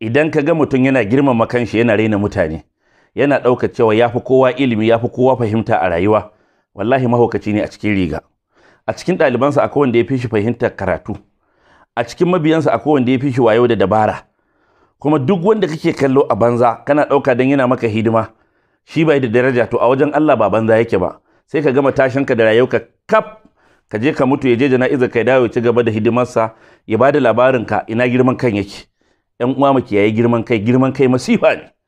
idan ka ga mutum yana girmama kanshi yana raina mutane yana ɗauka cewa ya fi kowa ilimi ya fi kowa fahimta a rayuwa wallahi mahaukaci ne a cikin riga a cikin ɗalibansa akwai wanda ya fi shi fahimtar karatu a cikin mabiyansa akwai wanda ya fi shi wayo da dabara kuma duk wanda kake kallo a banza kana ɗauka don yana maka hidima shi bai da daraja to a wajen Allah ba banza yake ba sai ka gama ka da rayuwarka kaf ka je ka mutu ya je jana'izar ka dawo ya ci gaba da hidimarsa ya ba da labarinka ina girman kan yake 'yan uwa mu kiyaye girman kai girman kai masifa ne